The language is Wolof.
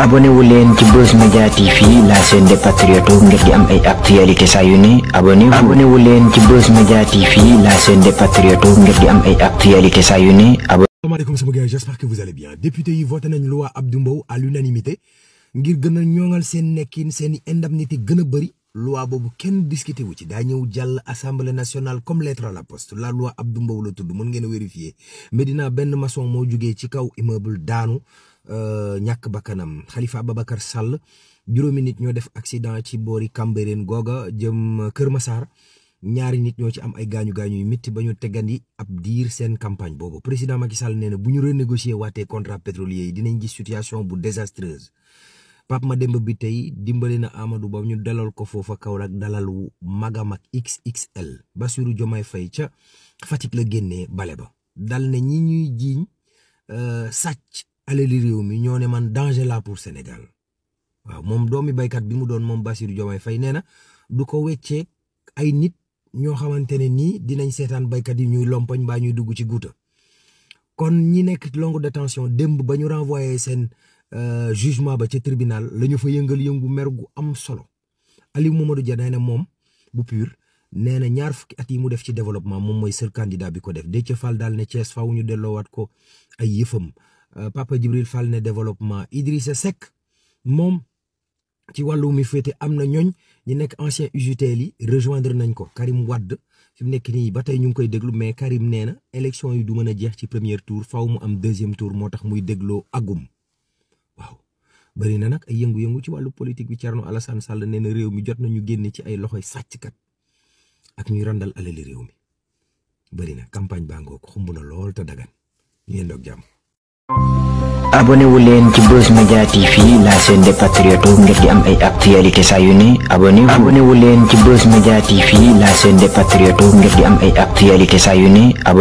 abonné wu leen ci Buzz Media TV la chaîne des patriotes ngir di am ay actualité saa yu ne abonné leen ci Buzz Media TV la chaîne des patriotes ngir di am ay actualité saa yu ne abonné. député yi voté nañ loi Abdou Mbow à l'unanimité ngir gën a seen nekkin seen i ni gën a bëri. loi boobu kenn discuté wu ci daa ñëw jàll assemblée nationale comme lettre à la poste la loi Abdou Mbow la tudd mën ngeen a vérifier Medina benn maçon moo jugee ci kaw immeuble daanu euh, ñàkk bakkanam Khalifa Ababacar Sall juróomi nit ñoo def accident ci boori Cambérène googa jëm Kër Massar ñaari nit ñoo ci am ay gaañu gaañu yu métti ba ñu teggandi ab diir seen campagne boobu président Macky Sall nee na bu ñu renégocier waatee contrat pétrolier yi dinañ gis situation bu désastreuse. Pape Mademba bi tey dimbali na Amadou Ba ñu dalal ko foofa Kaolack dalal wu mag a mag XXL Bassirou Diomaye Faye ca Fatick la génnee bale ba dal ne ñi ñuy jiiñ euh, sàcc alali réew mi ñoo ne man danger la pour Sénégal waaw moom doomi baykat bi mu doon moom Bassirou Diomaye Faye nee na du ko weccee ay nit ñoo xamante ne nii dinañ seetaan baykat yi ñuy lompoñ baa ñuy dugg ci guuta kon ñi nekk longue détention démb ba ñu renvoyé seen Euh, jugement ba ca tribunal la ñu fa yëngal yëngu mer gu am solo Aliou Mamadou Dia nee na moom bu pur nee na ñaar fukki at yi mu def ci développement moom mooy seul candidat bi ko def Déthié Fall daal ne Thiès faaw ñu delloowaat ko ay yëfam euh, Papa Djibril Fall ne développement Idrissa Seck moom ci wàllu mi féete am na ñooñ ñu nekk ancien UJTL yi rejoindre nañ ko Karim wadd fi mu nekk nii ba tey ñu ngi koy déglu mais Karim nee na élection yi du mën a jeex ci premier tour faaw mu am deuxième tour moo tax muy dégloo agum bëri na nag ay yëngu-yëngu ci wàllu politique bi Thierno Alassane Sall nee na réew mi jot nañu génne ci ay loxoy kat ak ñuy randal alali réew mi bëri na campagne baa ngoog xumb na lool te dagan ñu yendoog jàmm. abonné leen ci Buzz Media TV la chaîne des patriotes ngir di am ay actualité saa yu ne abonné abonné wu leen ci Buzz Media TV la chaîne des patriotes ngir di am ay actualité saa yu ne